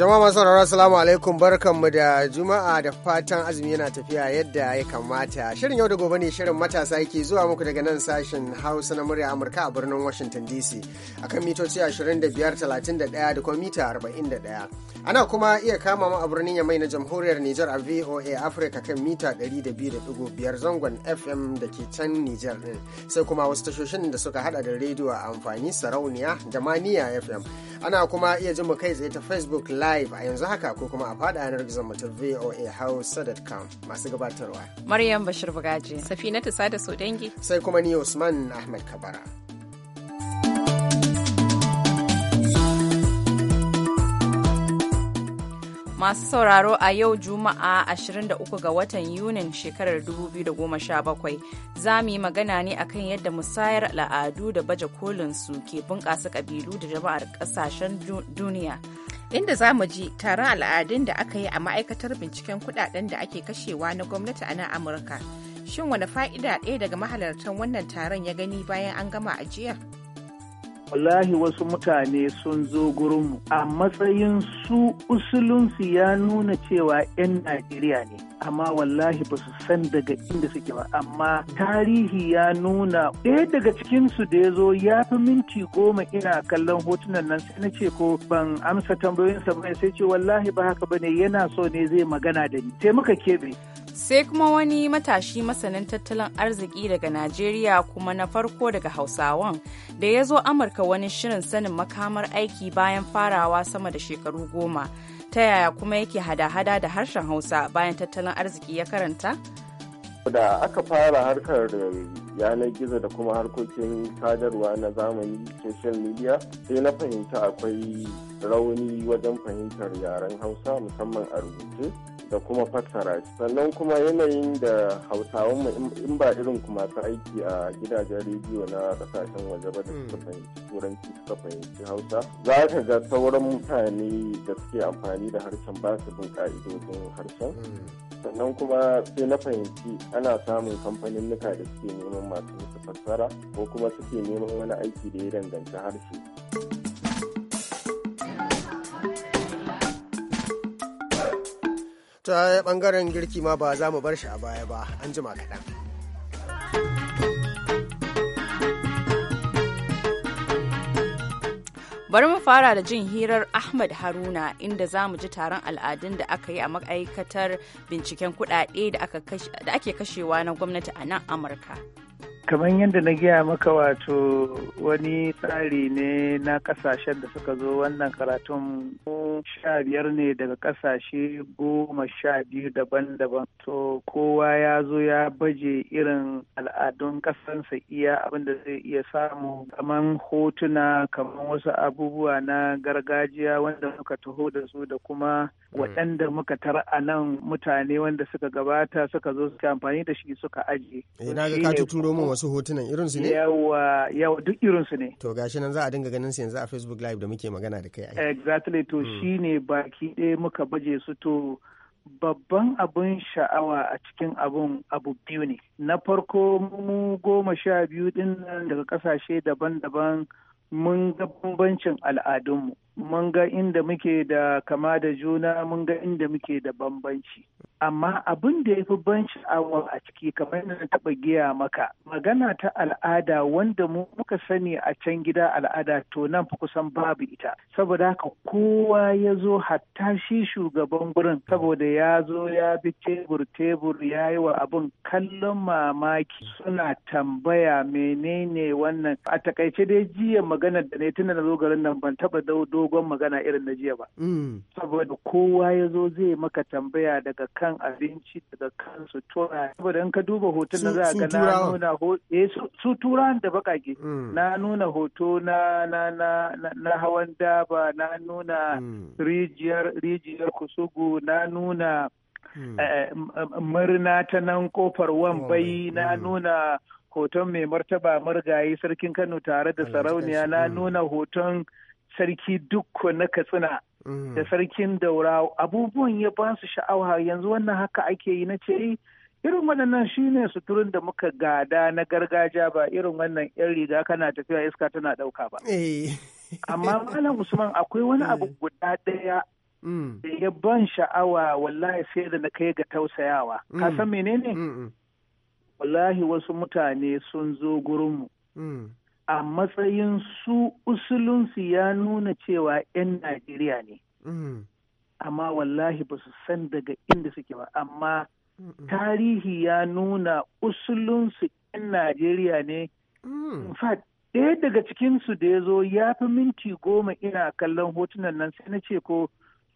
Jama'a masu sauraro assalamu alaikum barkanmu da juma'a da fatan azumi yana tafiya yadda ya kamata. Shirin yau da gobe ne shirin matasa yake zuwa muku daga nan sashen Hausa na murya Amurka a birnin Washington DC akan mitoci 2531 da kuma mita 41. Ana kuma iya kama mu a birnin Yamai na Jamhuriyar Nijar a VOA Africa kan mita 200.5 zangon FM da ke can Nijar din. Sai kuma wasu tashoshin da suka hada da rediyo a amfani sarauniya da maniya FM. ana kuma iya jin mu kai tsaye ta facebook live a yanzu haka ko kuma a fada yanar gizon mutum voa hausa.com masu gabatarwa maryam bashir bugaji safinatu sada sodangi sai kuma ni usman ahmed kabara Masu sauraro a yau Juma'a 23 ga watan Yunin shekarar 2017 za mu yi magana ne akan yadda musayar al'adu da baje kolin su ke bunƙasa ƙabilu da jama'ar kasashen duniya. Inda za mu ji taron al'adun da aka yi a ma'aikatar binciken kudaden da ake kashewa na gwamnati a nan Amurka. Shin wani fa'ida ɗaya daga mahalartan wannan taron ya gani bayan an gama ajiyar? wallahi wasu mutane sun zo gurinmu a matsayin su usulunsu ya nuna cewa 'yan Najeriya ne amma wallahi ba su san daga inda suke ba amma tarihi ya nuna ɗaya daga cikinsu da ya zo ya fi minti goma ina kallon hotunan nan sai na ce ko ban amsa tambayoyinsa ba sai ce wallahi ba haka ba ne yana so ne zai magana da ni sai muka keɓe sai kuma wani matashi masanin tattalin arziki daga najeriya kuma na farko daga hausawan da ya zo amurka wani shirin sanin makamar aiki bayan farawa sama da shekaru goma ta yaya kuma yake hada-hada da harshen hausa bayan tattalin arziki ya karanta da aka fara harkar yanar gizo da kuma harkokin sadarwa na zamani social media sai na fahimta akwai rauni wajen fahimtar yaren hausa musamman a rubuce da kuma fassara sannan kuma yanayin da hausawan in ba irin ku masu aiki a gidajen rediyo na kasashen waje ba da suka hmm. fahimci turanci suka fahimci hausa za ka ga sauran mutane da suke amfani da harshen ba su bin ka'idodin harshen hmm. sannan kuma sai na fahimci ana samun kamfaninnika da suke neman masu fassara ko kuma suke neman wani aiki da ya danganci harshe ta bangaren girki ma ba za mu bar shi a baya ba an jima kaɗan. Bari mu fara da jin hirar Ahmad Haruna inda za mu ji taron al'adun da aka yi a ma'aikatar binciken kuɗaɗe da ake kashewa na gwamnati a nan Amurka. kamar yadda na gaya maka wato wani tsari ne na kasashen da suka zo wannan karatun sha biyar ne daga kasashe goma sha biyu daban-daban to kowa ya zo ya baje irin al'adun kasansa iya abinda zai iya samu kamar hotuna kamar wasu abubuwa na gargajiya wanda muka taho da su da kuma mm. waɗanda muka tara a nan mutane wanda suka gabata suka zo suka amfani da shi suka ajiye. Eh, wasu hotunan irinsu ne? Yawa, yawa duk irinsu ne. To gashi nan za a dinga ganin su yanzu a Facebook Live da muke magana da kai. Exactly, to hmm. shi ne baki ɗaya muka baje su to babban abun sha'awa a cikin abun abu biyu ne. Na farko mu goma sha biyu ɗin daga ƙasashe daban-daban mun ga bambancin al'adunmu. mun ga inda muke da kama da juna mun ga inda muke da bambanci amma abin da ya fi banci a ciki kamar na taɓa giya maka magana ta al'ada wanda mu muka sani a can gida al'ada to nan fi kusan babu ita saboda haka kowa ya zo hatta shi shugaban gurin saboda ya zo ya bi tebur tebur ya yi wa abin kallon mamaki suna tambaya menene wannan a takaice dai jiya maganar da ne tunda da zo garin nan ban taɓa daudo dogon magana irin na jiya ba. Mm. Saboda kowa ya zo zai maka tambaya daga kan abinci daga kan sutura. Saboda in ka duba hoton na za ga na nuna eh, su turan da bakake. Mm. Na nuna hoto na na na na hawan daba na nuna mm. rijiyar rijiyar kusugu na nuna eh, eh, murna ta nan kofar wambai na nuna hoton mai martaba murgaye sarkin kano tare da sarauniya na nuna hoton sarki dukko na katsina mm. da sarkin daura abubuwan ya ba su sha'awa yanzu wannan haka ake yi na ce eh, irin waɗannan shine suturin da muka gada na gargajiya ba irin wannan yan riga kana tafiya iska tana ɗauka ba eh. amma malam usman akwai wani abu eh. guda ɗaya mm. da ya ban sha'awa wallahi sai da na kai ga tausayawa ka mm. san menene wallahi wasu mutane sun zo gurinmu a matsayin su usulunsu ya nuna cewa 'yan Najeriya ne. Mm-hmm. Amma wallahi ba su san daga inda suke ba, amma tarihi ya nuna usulunsu 'yan Najeriya ne. Mm. In fact, ɗaya daga cikinsu da ya zo ya fi minti goma ina kallon hotunan nan sai na ce ko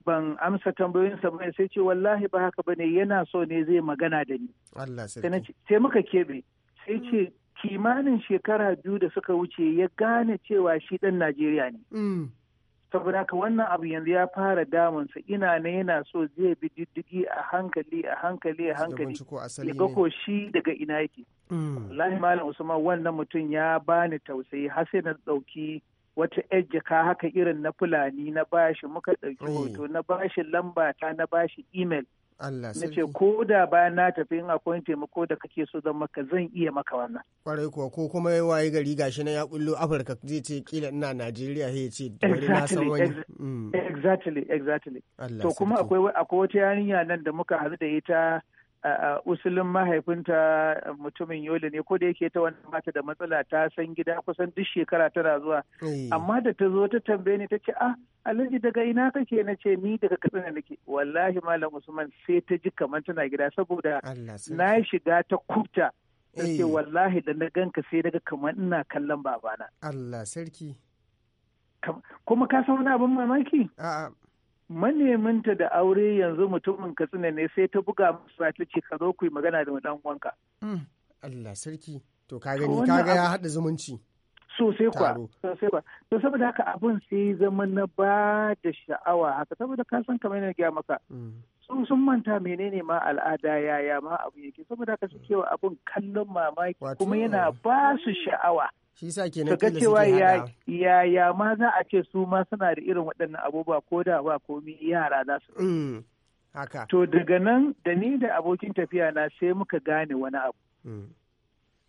ban amsa tambayoyinsa ba sai ce wallahi ba haka ba ne. yana so ne zai magana da ni. Allah sai muka keɓe. sai ce kimanin shekara biyu da suka wuce ya gane cewa shi ɗan Najeriya ne. Mm. Saboda haka wannan abu yanzu ya fara damunsa ina ne yana so zai bi diddigi a hankali a hankali a hankali ya ga ko shi daga ina yake. Mm. Lahi Malam Usman wannan mutum ya bani tausayi har sai na ɗauki wata yar jaka haka irin na Fulani na bashi muka ɗauki oh. hoto na bashi lamba ta na bashi email. Allah Na Nace ko da ba na tafi in akwai taimako da kake so zan maka zan iya maka wannan. Kwarai kuwa ko kuma ya waye gari gashi na ya bullo Afirka zai ce kila ina Najeriya ya ce dole na san wani. Mm. Exactly exactly. To kuma akwai akwai wata yarinya nan da muka hadu da ita usulin mahaifinta mutumin yoli ne ko da yake ta wannan mata da matsala ta san gida kusan duk shekara tana zuwa eh. amma da ta zo ta tambaye ni ta ce ah alhaji daga ina kake na ce ni daga katsina nake wallahi malam usman sai ta ji kamar tana gida saboda na shiga ta kubta ta ce eh. wallahi da na ganka sai daga kamar ina kallon babana kuma ka san wani abin mamaki a'a maneminta da aure yanzu mutumin katsina ne sai ta buga musu ta ce ka zo ku yi magana da dan uwanka. Hmm. Allah sarki to ka gani ka ga ya haɗa zumunci. Sosai kwa sosai to saboda haka abun sai zama na ba da sha'awa haka saboda ka san kamar yana gaya maka. Hmm. Sun sun manta menene ma al'ada yaya ma abu yake saboda haka su abun kallon mamaki kuma yana ba su sha'awa. shi sa ke nan ya ya ma za a ce su ma suna da irin waɗannan abubuwa ko da ba komi yara za su mm, haka to daga nan da ni da abokin tafiya na sai muka gane wani abu mm.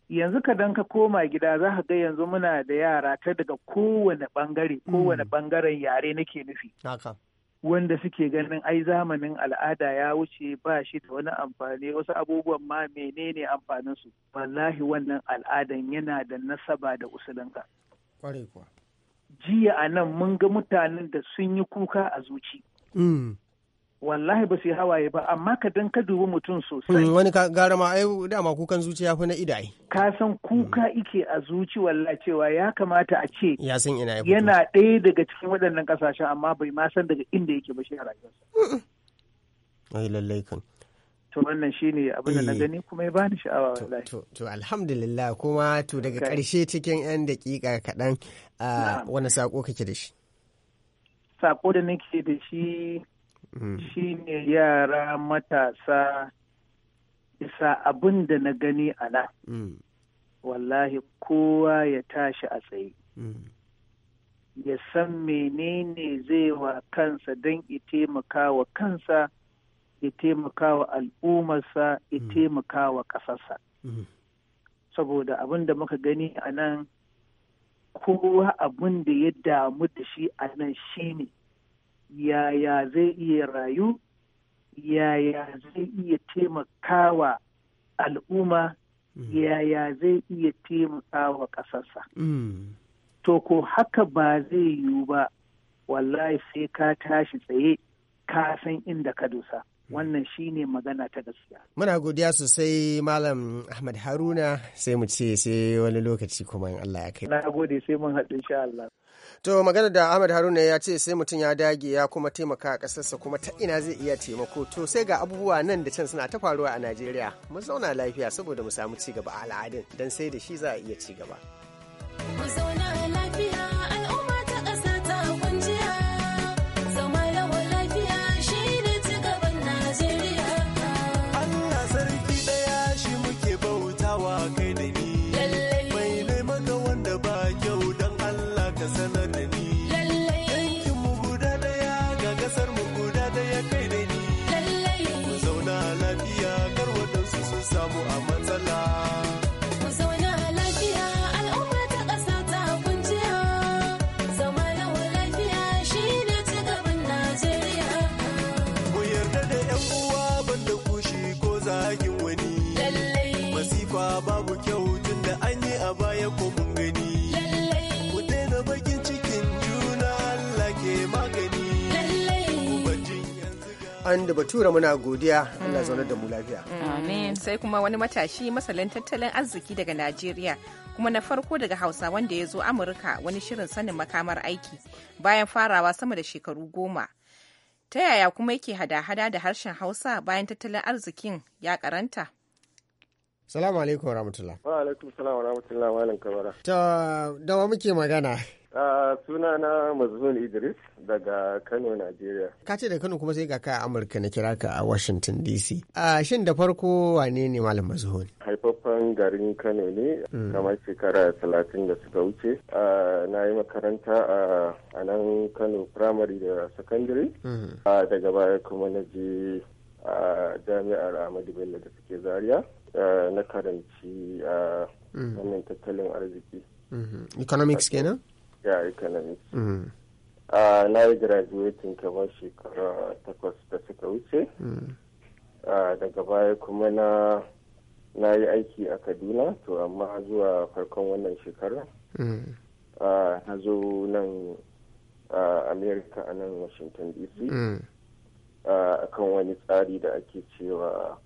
yanzu ka dan ka koma gida za ka ga yanzu muna da yara ta daga kowane bangare kowane bangaren mm. yare nake nufi wanda suke ganin ai zamanin al'ada ya wuce ba shi da wani amfani wasu abubuwan ma menene amfanin su wallahi wannan al'adan yana da nasaba da usulinka jiya a nan mun ga mutanen da sun yi kuka a zuci mm. wallahi ba su yi hawaye ba amma ka dan ka dubi mutum sosai hmm, wani ka gara ma ai dama kukan zuciya fa na idai ka san kuka hmm. ike a zuci walla cewa ya kamata a ce ya san ina yana ɗaya daga cikin waɗannan ƙasashen amma bai ma san daga inda yake ba shi a rayuwarsa ai lallai kan to wannan shine abin da na eh. gani kuma ya bani sha'awa wallahi to, to alhamdulillah kuma to daga karshe cikin yan daƙiƙa kaɗan ah, wani sako kake da shi sako da nake da shi Mm. shine yara matasa isa abin da na gani a nan mm. wallahi kowa ya tashi a tsaye mm. ya san menene zai wa kansa don ya taimaka kansa ya taimaka wa al'ummarsa ya taimaka wa ƙasarsa saboda abin da muka gani a nan kowa abin da ya damu da shi a nan shi ne yaya zai iya rayu yaya zai iya taimakawa al'umma mm. yaya zai iya taimakawa ƙasarsa mm. to ko haka ba zai yiwu ba wallahi sai ka tashi tsaye ka san inda ka dosa wannan shine magana ta gaskiya muna godiya sosai malam ahmad haruna sai mu ce sai wani lokaci kuma in allah ya kai na gode sai mun haɗu insha allah To magana da ahmad Haruna ya ce sai mutum ya dage ya kuma taimaka a ƙasarsa kuma ta ina zai iya taimako to sai ga abubuwa nan da can suna ta faruwa a Najeriya mu zauna lafiya saboda mu samu ci gaba a al'adun dan sai da shi za a iya ci gaba. Mu zauna da batura muna godiya Allah zaune da mu lafiya. Amin. Sai kuma wani matashi masalin tattalin arziki daga Najeriya kuma na farko daga Hausa wanda ya zo Amurka wani shirin sanin makamar aiki bayan farawa sama da shekaru goma. Ta yaya kuma yake hada-hada da harshen Hausa bayan tattalin arzikin ya karanta? Salamu alaikum wa Wa alaikum salam wa rahmatullah wa kabara. Ta dawa muke magana. Uh, suna na mazmun idris daga kano nigeria ka ce da kano kuma sai ga a amurka na kira ka a washington dc uh, shin da farko wane ne malam mazmun Haifafan garin kano ne mm. kamar shekara talatin da suka wuce uh, na yi makaranta a nan kano primary da secondary mm. daga baya kuma na je jami'ar ahmadu bello da suke zaria na karanci hmm. wannan tattalin arziki hmm. economics kenan? a economics mm. na yi graduating kamar shekara takwas da suka wuce mm. daga baya kuma na yi aiki a kaduna to amma zuwa farkon wannan shekara mm. na zo nan america a nan washington dc a kan wani tsari da ake cewa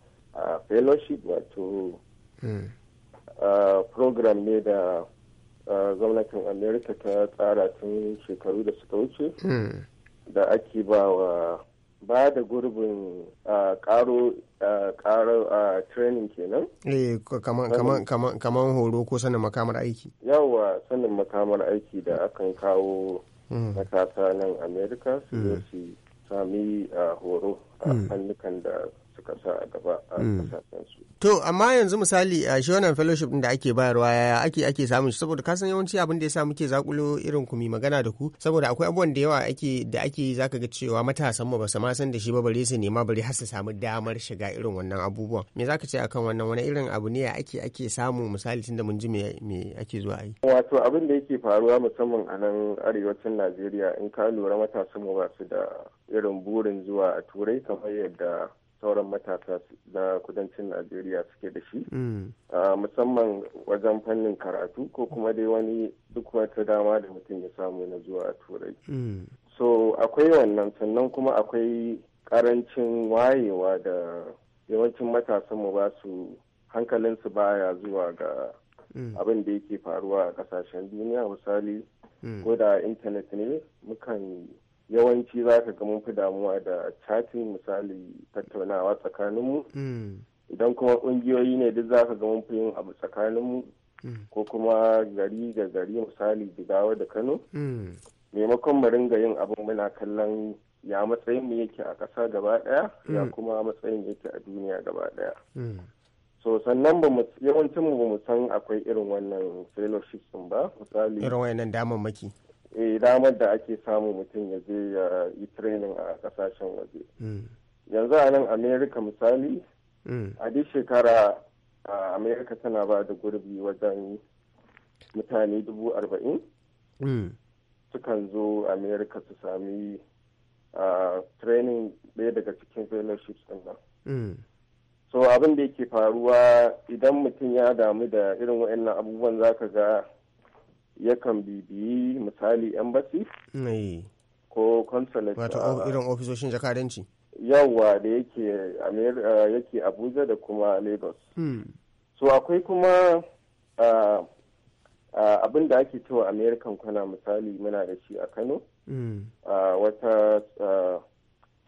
fellowship wato program ne da gwamnatin amerika ta tsara tun shekaru da suka wuce hmm. da ake ba wa ba da gurbin karo karo training kenan eh kaman horo ko sanin makamar aiki yawa sanin makamar aiki da akan kawo hmm. matasa nan amerika su hmm. sami horo a hannukan da kasa a gaba a hmm. To amma yanzu misali a shi wannan fellowship da ake bayarwa ya ake ake samun shi saboda kasan yawanci abin da ya sa muke zakulo irin ku mi magana da ku saboda akwai abubuwan da yawa ake da ake zaka ga cewa matasan mu ba su ma san da shi ba bare su nema bare har su samu damar shiga irin wannan abubuwan. Me zaka ce akan wannan wani irin abu ne ake ake samu misali tunda mun ji me me ake zuwa yi. Wato abin da yake faruwa musamman a nan arewacin Najeriya in ka lura matasan mu ba su da irin burin zuwa a turai kamar yadda sauran matasa na kudancin najeriya suke da shi mm. musamman wajen fannin karatu ko kuma dai wani duk wata dama da mutum ya samu na zuwa turai mm. so akwai wannan sannan kuma akwai karancin wayewa da yawancin matasanmu ba su hankalinsu baya zuwa ga mm. abin da yake faruwa a kasashen duniya misali ko da intanet ne mukan yawanci za ka ga mun fi damuwa da chatting misali tattaunawa tsakaninmu mm. idan kuma ƙungiyoyi ne duk za ka ga mun fi yin abu tsakaninmu mm. ko kuma gari da gari misali jigawa da kano mm. maimakon mu ringa yin abu muna kallon ya matsayin mu yake a ƙasa gaba ɗaya ya kuma matsayin yake a duniya gaba ɗaya so sannan ba mu yawancin mu ba mu san akwai irin wannan fellowship ba misali irin wayannan damammaki Eh damar da ake samun mutum ya je ya yi training a kasashen waje mm. yanzu a nan america misali mm. a duk shekara a Amerika tana ba da gurbi wajen mutane dubu arba'in mm. sukan zo Amerika su sami training ɗaya daga cikin fellowships ɗin nan so abin da yake faruwa idan mutum ya damu da irin waɗannan abubuwan za ka ga yakan bibiyi misali embassy eh. ko consulate wato uh, irin ofisoshin jakadanci yawa da yake uh, yake abuja da kuma lagos hmm. so akwai kuma uh, abin da ake cewa american kwana misali muna da shi a kano hmm. wata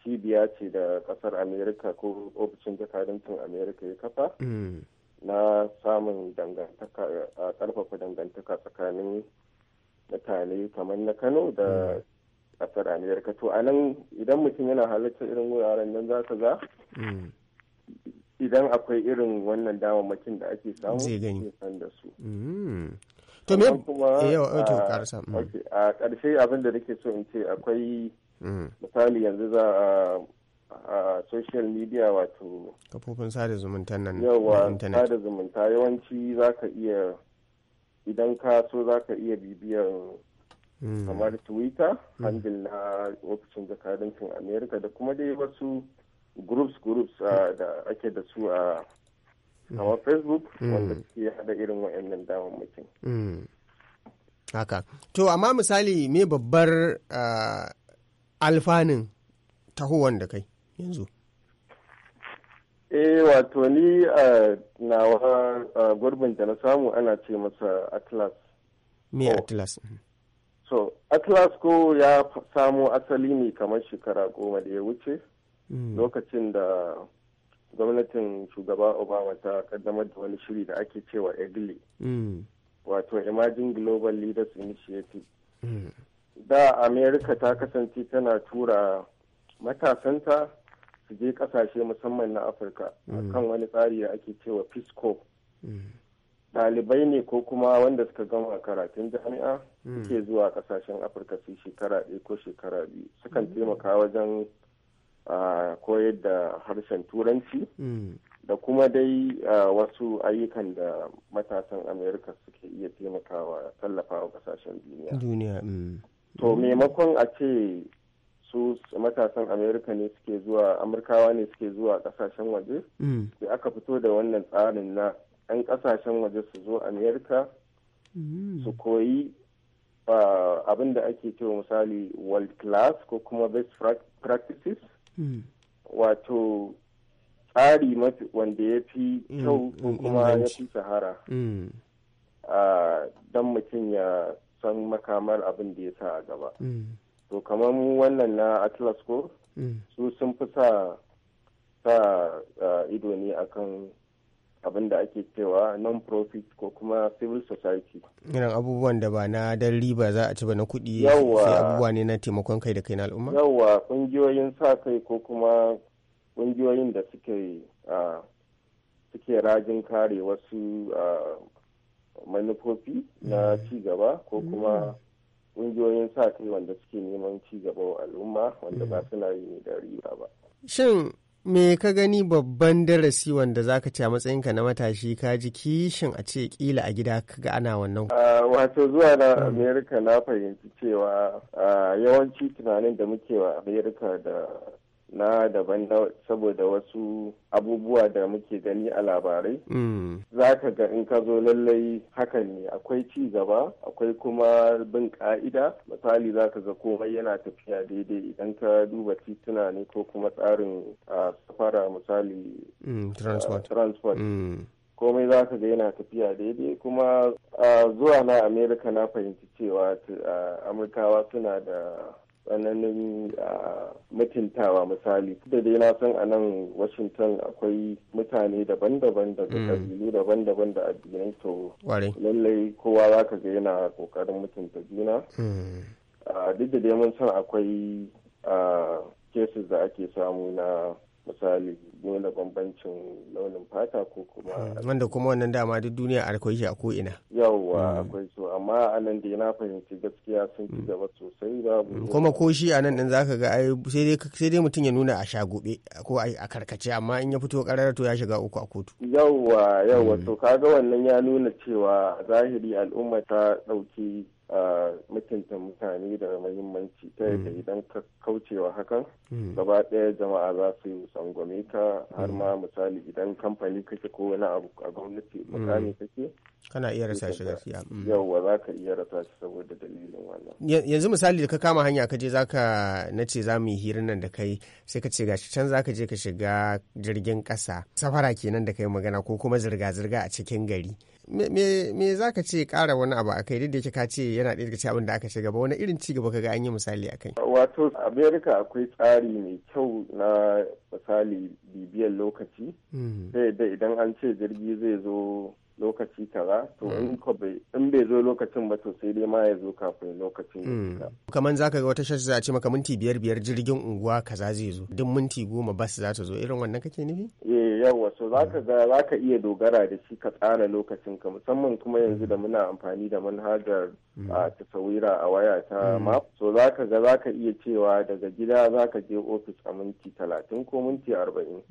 cibiya ce da kasar america ko ofishin jakadancin america ya kafa hmm. na samun dangantaka a karfafa dangantaka tsakanin mutane kamar na kano da kasar amerika to a nan idan mutum yana halittar irin wuraren nan za ka za mm. idan akwai irin wannan mutum da ake samu zai san da su mm. to mm. a ƙarshe abin da nake so in ce akwai misali yanzu za a a social media wato kafofin sada zumunta nan yawa sada zumunta yawanci za ka iya idan ka so za ka iya bibiyar hmm. kamar twitter hmm. handle na ofishin jakadancin america da kuma dai wasu groups groups hmm. da ake da su a kamar facebook wanda suke hada irin wa'annan damammakin haka to amma misali me babbar alfanun tahowan da kai yanzu eh wato ni a nawa gurbin da na samu ana ce masa atlas me oh. atlas mm. so atlas ko ya samo asali ne kamar shekara goma da ya wuce mm. lokacin da gwamnatin shugaba obama ta kaddamar da wani shiri da ake cewa egli mm. wato emerging global leaders initiative da america ta kasance tana tura matasanta su je kasashe musamman na afirka mm. kan wani tsari da ake cewa pisco mm. ɗalibai ne ko kuma wanda suka gama karatun jami'a mm. suke zuwa kasashen afirka su shekara ɗaya ko shekara biyu sukan taimaka wajen koyar da harshen turanci da kuma dai wasu ayyukan da matasan amerika suke iya taimakawa tallafawa kasashen duniya to maimakon a ce su matasan amerika ne suke zuwa amurkawa ne suke zuwa kasashen waje mm. sai aka fito da wannan tsarin na 'yan kasashen waje su zo amerika mm. su koyi abin da ake cewa misali world class ko kuma best practices mm. wato tsari wanda ya fi kyau ko kuma ya fi sahara don mutum ya san makamar abin da ya sa a gaba. to kamar wannan na atlas ko mm. su sun fi sa sa ido ne akan abin da ake cewa non-profit ko kuma civil society irin abubuwan da ba na dan riba za a ci ba na kuɗi sai abubuwa ne na taimakon kai da kai na al'umma yawwa ƙungiyoyin sa kai ko kuma ƙungiyoyin da suke suke rajin kare wasu manufofi na mm. ci gaba ko kuma mm. ƙungiyoyin sa kai wanda suke neman ci gaban al'umma wanda ba hmm. suna yi ne da riba ba. Shin me ka gani babban darasi wanda zaka ce a matsayinka na matashi ka ji kishin a ce kila a gida kaga ana wannan ah, wato zuwa na hmm. amerika na fahimci cewa ah, yawanci tunanin da muke wa amerika da na daban saboda wasu abubuwa da muke gani a labarai mm. za ka ga in ka zo lallai hakan ne akwai ci gaba akwai kuma bin ka'ida misali za ka ga komai yana tafiya daidai idan ka duba tituna ne ko kuma tsarin safara misali mm, transport mm. komai za ka ga yana tafiya daidai kuma zuwa na amerika na fahimci cewa amurkawa suna da tsananin mutuntawa misali da dai na san a nan washington akwai mutane daban-daban daga kabilu mm. daban-daban da addinai to lallai kowa za ka ga yana kokarin mutunta juna mm. duk da dai mun san akwai cases da ake samu na misali nuna bambancin launin fata ko kuma ah, wanda kuma wannan dama duk duniya akwai shi a ko'ina yawwa hmm. akwai so amma a nan da na fahimci gaskiya sun ci hmm. gaba sosai ba. Hmm. kuma ko shi a nan din zaka ga ai sai dai mutum ya nuna a shagobe ko a karkace amma in ya fito karar to ya shiga uku a kotu yawwa yawwa to kaga wannan ya nuna cewa zahiri al'umma ta dauki mutunta mutane da mahimmanci. ta yadda mm. idan ka kaucewa hakan mm. gaba ɗaya jama'a za su yi sangwame ka har mm. ma misali idan kamfani kake ko wani abu a gwamnati Mutane kake kana iya rasa shi gaskiya za ka iya rasa shi saboda dalilin wannan yanzu misali da ka kama hanya ka je za ka na ce za mu yi hirin nan da kai sai ka ce gashi can za ka je ka shiga jirgin ƙasa safara kenan da kai magana ko kuma zirga-zirga a cikin gari me za ka ce kara wani abu akai duk da yake ka ce yana ɗaya daga cikin abin da aka ci gaba wani irin ci gaba kaga an yi misali a kai. wato america akwai tsari mai kyau na misali bibiyar lokaci hmm. sai da idan an ce jirgi zai zo lokaci kaza to hmm. in ko bai in bai zo lokacin ba to sai dai ma ya zo kafin lokacin ya hmm. kaman zaka ga wata shashi za a ce maka minti biyar biyar jirgin unguwa kaza zai zo duk minti goma bas za ta zo irin wannan kake nufi eh yawa so zaka hmm. ga zaka iya dogara da shi ka tsara lokacin ka musamman kuma yanzu da muna amfani da manhajar a ah, tasawira a waya ta map so zaka ga zaka iya cewa daga gida zaka je ofis a minti talatin ko minti arba'in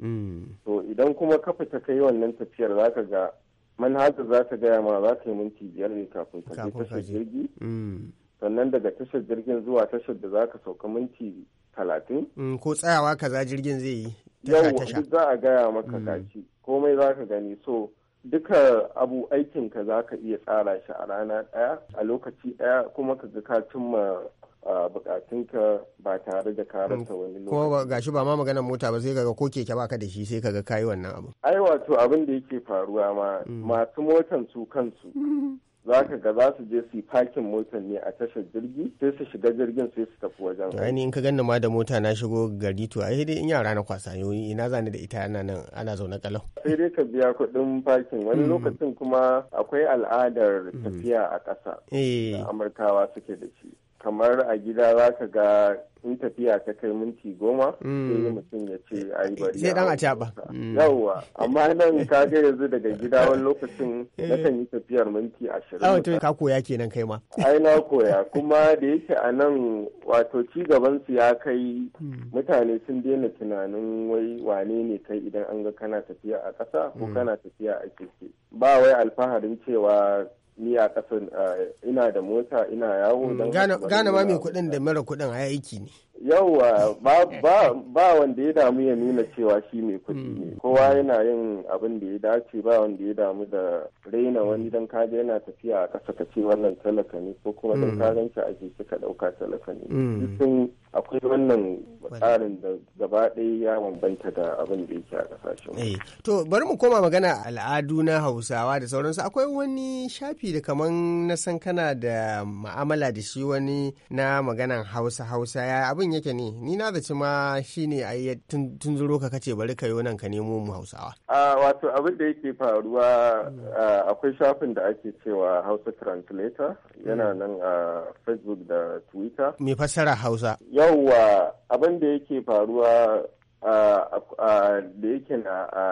to idan kuma ka fita kai wannan tafiyar zaka ga manhajar za ta gaya ma za ta yi minti biyar ne kafin ka je tashar jirgi mm. sannan daga tashar jirgin zuwa tashar da za ka sauka minti talatin mm, ko tsayawa kaza jirgin zai yi yau duk za a gaya maka mm. gashi komai za ka gani so duka abu aikin ka za ka iya tsara shi a rana ɗaya a lokaci ɗaya kuma ka ga ka cimma bukatunka ba tare da karanta hmm. wani lokaci. Kuma gashi ba ma maganar mota ba sai kaga ko keke baka da shi sai kaga kayi wannan abu. Ai wato abin da yake faruwa ma hmm. masu motan su kansu. za ka ga za su je su yi fakin ne a tashar jirgi sai su shiga jirgin sai su tafi wajen ainihin in ka ganna ma da mota na shigo gari to ai dai in yara na kwasa yoyi ina zani da ita ana nan ana zaune kalau sai dai ka biya kuɗin fakin wani hmm. lokacin kuma akwai al'adar tafiya a ƙasa eh. amurkawa suke da shi kamar a gida za ka ga in tafiya ta kai minti goma mm. sai mutum ya ce a yi bari sai dan a caba mm. yawwa amma nan ka ga yanzu daga gida wani lokacin na kan yi tafiyar minti ashirin awa to ka koya kenan kai ma ai na koya kuma da yake a nan wato ci gaban su ya kai mm. mutane sun daina tunanin wai wane ne kai idan an ga kana tafiya a ƙasa ko kana tafiya a keke ba wai alfaharin cewa ni a ƙasar eh, ina da mota ina yawo hmm, gane ma mai kuɗin da mara kuɗin a aiki ne yau ba wanda ya damu ya nuna cewa shi mai kuɗi ne. Hmm. Kowa yana yin abin da ya dace ba wanda ya damu da raina wani hmm. don kaje yana tafiya a ƙasa ka ce wannan talaka ne ko kuma don hmm. shi a jiki ka ɗauka talaka ne. akwai wannan tsarin da gaba ɗaya ya bambanta da abin da yake a ƙasashen. Eh, to bari mu koma magana al'adu na Hausawa da sauransu akwai wani shafi da kaman na san kana da ma'amala da shi wani na maganan Hausa Hausa ya abin yake ne ni na zaci ma shi ne a yi tun zuro ka kace bari ka yi nan ka nemo mu hausawa wato abin da yake faruwa akwai shafin da ake cewa hausa translator yana hmm. nan a facebook da twitter mai fassara hausa yawwa abin da yake faruwa da yake na a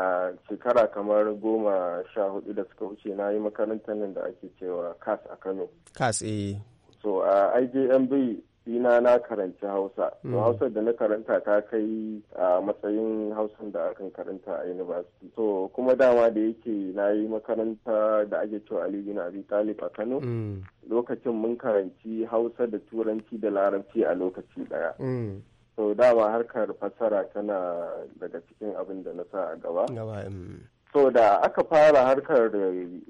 shekara kamar goma sha hudu da suka wuce na yi makarantar nan da ake cewa kas a kano kas eh so a ijmb sina na karanci hausa to mm. hausa da na karanta ta kai a matsayin hausan da akan karanta a university so kuma dama da yake na yi makaranta da ake cewa aliyu na abi talib a kano mm. lokacin mun karanci hausa da turanci da larabci a lokaci daya so mm. dama harkar fasara tana daga cikin abin da na sa a gaba so da aka fara harkar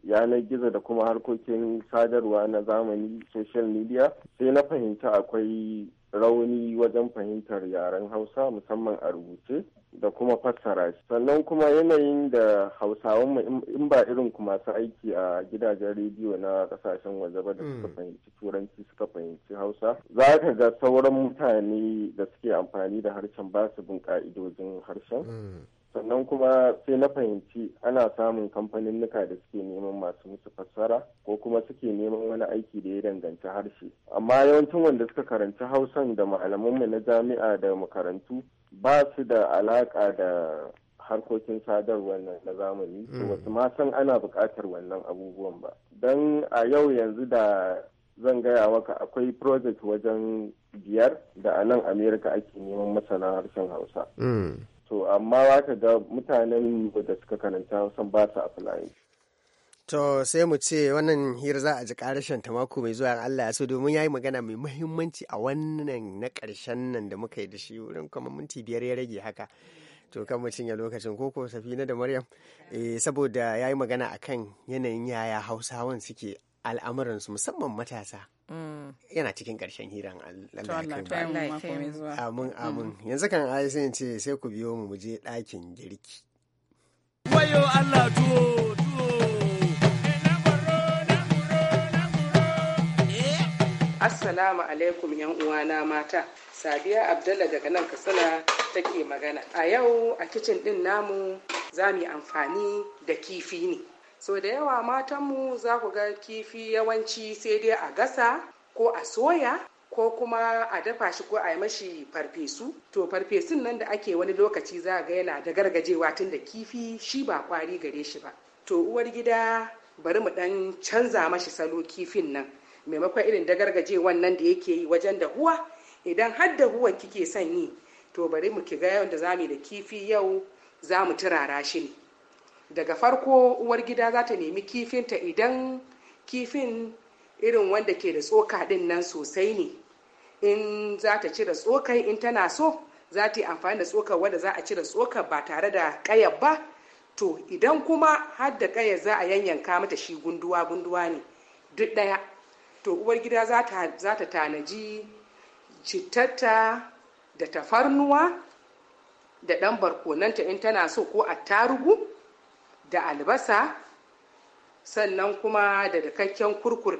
yanar gizo da kuma harkokin sadarwa na zamani social media sai na fahimci akwai rauni wajen fahimtar yaren hausa musamman a rubuce da kuma fassara shi sannan kuma yanayin da hausawan in ba irin ku masu aiki a gidajen rediyo na kasashen waje ba da suka mm. fahimci turanci suka fahimci hausa za ka ga sauran mutane da suke amfani da harshen ba su bin ka'idojin harshen mm. sannan kuma sai na fahimci ana samun kamfaninnika da suke neman masu musu fassara ko kuma suke neman wani aiki da ya danganci harshe amma yawancin wanda suka karanci hausan da malamanmu na jami'a da makarantu ba su da alaka da harkokin sadarwar na zamani wasu hmm. ma san ana buƙatar wannan abubuwan ba don a yau yanzu da zan gaya maka akwai project wajen biyar da a nan amerika ake neman masana harshen hausa hmm. to amma ba ka ga mutanen da suka karanta hausan ba su apply To sai mu ce wannan hira za a ji karashen ta mako mai zuwa Allah ya so domin yayi magana mai muhimmanci a wannan na karshen nan da muka yi da shi wurin kuma minti biyar ya rage haka. To kan mu cinye lokacin koko safina da Maryam eh, saboda yayi yi magana akan yanayin yaya Hausawan suke al'amuransu musamman matasa. yana cikin ƙarshen hiran Allah amin mm. amin yanzu kan ai sai ce sai ku biyo mu je ɗakin girki wayo Allah tuwo eh. Assalamu alaikum yan uwana mata. sabiya Abdalla daga nan Katsina take magana. A yau a kicin din namu za mu yi amfani da kifi ne. so da yawa matanmu za ku ga kifi yawanci sai dai a gasa ko a soya ko kuma a dafa shi ko a yi mashi farfesu to farfesun nan da ake wani lokaci za ga yana da gargajewa tun da kifi shi ba kwari gare shi ba to uwar gida bari mu dan canza mashi salo kifin nan maimakon irin da gargajewan nan da yake yi wajen dahuwa idan har dahuwan kike son yi to bari mu ki ga yau za mu da kifi yau za mu turara shi ne daga farko uwar gida za ta nemi kifinta idan kifin irin wanda ke da tsoka din nan sosai ne in za ta cire tsokai in tana so za ta yi amfani da tsokar wadda za a cire tsokar ba tare da kaya ba to idan kuma har da ƙayar za a yanyanka mata shi gunduwa gunduwa ne duk ɗaya to uwar gida za ta tanaji cittata da tafarnuwa da ɗan barkonanta in tana so ko a attarugu da albasa sannan kuma da dakakken kurkur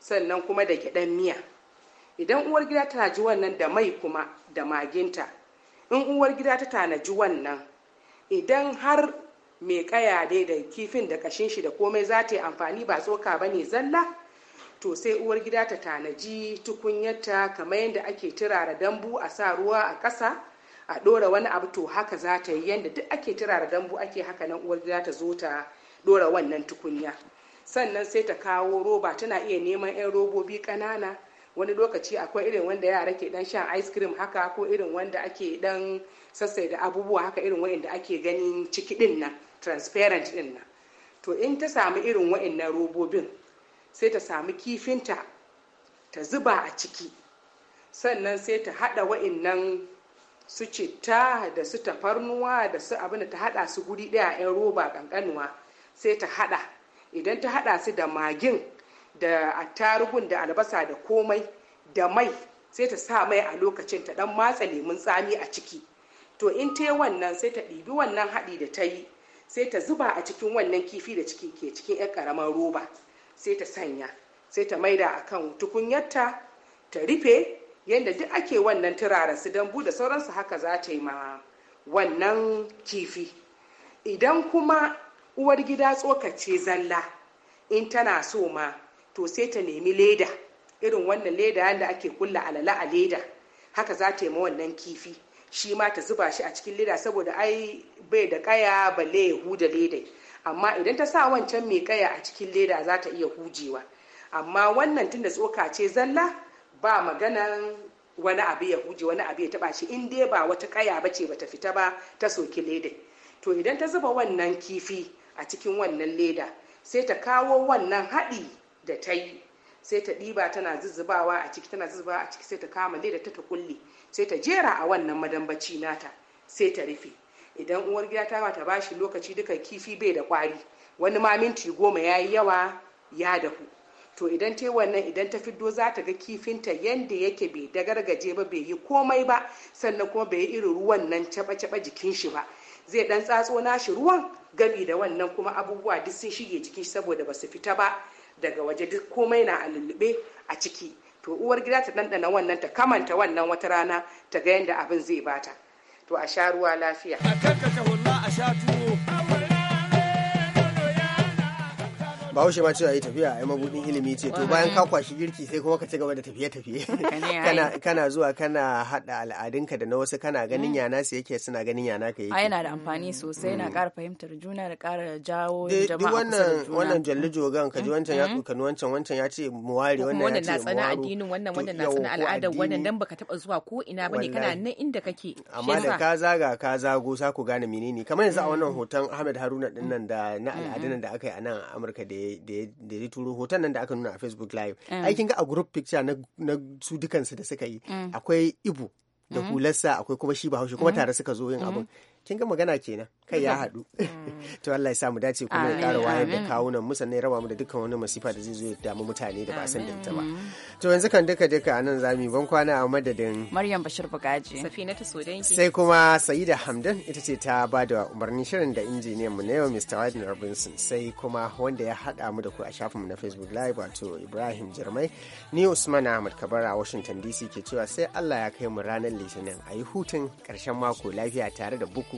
sannan kuma da gyaɗan miya idan uwar gida tana ji wannan da mai kuma da maginta in uwar gida ta tanaji wannan idan har mai kaya dai da kifin da kashin shi da komai za ta yi amfani ba tsoka ba ne zalla to sai uwar gida ta tanaji tukunyarta kamar yadda ake turara dambu a sa ruwa a ƙasa a ɗora wani abu to haka za ta yi yadda duk ake turara dambu ake haka nan uwar gida ta zo ta ɗora wannan tukunya sannan sai ta kawo roba tana iya neman 'yan robobi ƙanana wani lokaci akwai irin wanda yara ke dan shan ice cream haka ko irin wanda ake dan sassai da abubuwa haka irin wa'inda ake ganin ciki din nan transparent din nan to in ta samu irin wa'innan robobin sai ta samu kifinta ta zuba a ciki sannan sai ta haɗa wa'innan su citta da su tafarnuwa da su abin ta hada su guri daya yan roba kankanuwa sai ta hada idan ta hada su da magin da attarugun da albasa da komai da mai sai ta sa mai a lokacin ta dan matsa lemun tsami a ciki to in ta wannan sai ta ɗibi wannan haɗi da ta yi sai ta zuba a cikin wannan kifi da ciki ke cikin 'yan karamar roba sai ta sanya sai ta maida a kan tukunyarta ta rufe yadda duk ake wannan turaren su dambu da sauransu haka za ta yi ma wannan kifi idan kuma uwar gida tsokace zalla in tana so ma to sai ta nemi leda irin wannan leda yadda ake kulla alala a leda haka za ta yi ma wannan kifi shi ma ta zuba shi a cikin leda saboda ai bai da kaya balle ya huda ledai amma idan ta sa wancan mai kaya a cikin leda za ta iya hujewa amma wannan tunda tsoka ce zalla ba maganan wani abu ya huje wani abu ya taba shi in dai ba wata kaya ba ce bata fita ba ta soki leda to idan ta zuba wannan kifi a cikin wannan leda sai ta kawo wannan haɗi da ta yi sai ta ɗiba tana zuzzubawa a ciki tana zuzzubawa a ciki sai ta kama leda ta ta kulle sai ta jera a wannan madambaci nata sai ta rufe idan uwar gida ta ta bashi lokaci duka kifi bai da kwari wani ma minti goma ya yi yawa ya dahu to idan ta wannan idan ta fiddo za ta ga kifinta yadda yake bai da gargaje ba bai yi komai ba sannan kuma bai yi irin ruwan nan caba-caba jikin shi ba zai dan tsatso na shi ruwan gabi da wannan kuma abubuwa duk sun shige jikin shi saboda ba su fita ba daga waje duk komai na a lullube a ciki to uwar gida ta dandana wannan ta kamanta wannan wata rana ta ga yadda abin zai bata to a sha ruwa lafiya a karkata a sha tuwo bahaushe ma cewa yi tafiya ai mabudin ilimi ce to bayan ka kwashi girki sai kuma ka ci gaba da tafiye-tafiye kana kana zuwa kana hada al'adunka da na wasu kana ganin mm. yana su yake suna ganin yana ka yake ai yana da amfani mm. sosai yana kara mm. fahimtar juna da kara jawo jama'a duk wannan wannan jalli jogan ka ji wancan ya tsokani wancan wancan ya ce ware wannan ya ce mu wannan na tsana addinin wannan wannan na tsana al'adar wannan dan baka taba zuwa ko ina bane kana nan inda kake amma da ka zaga ka zago sa ku gane menene kamar yanzu a wannan hoton Ahmed Haruna din nan da na al'adunan da aka yi a nan Amurka da da ya turo hoton nan da aka nuna a facebook live mm. aikin ga a group picture na su dukansu da suka yi mm. akwai ibu da mm. hularsa akwai kuma shi bahaushe kuma tare suka zo yin abin. kin ga magana kenan kai ya haɗu mm. to Allah ya sa mu dace kuma ya ƙara wayar da kawunan mu sannan ya raba mu da dukkan wani masifa da zai zo ya damu mutane da ba san da ita ba mm. to yanzu kan duka duka anan zami ban kwana a madadin Maryam Bashir Bugaji ta Sodanki sai kuma Saida Hamdan ita ce ta ba da umarnin shirin da injiniyan mu na yau Mr. Wadin Robinson sai kuma wanda ya haɗa mu da ku a shafin mu na Facebook Live wato Ibrahim Jirmai ni Usman Ahmad Kabara a Washington DC ke cewa sai Allah ya kai mu ranar Litinin a yi hutun ƙarshen mako lafiya tare da buku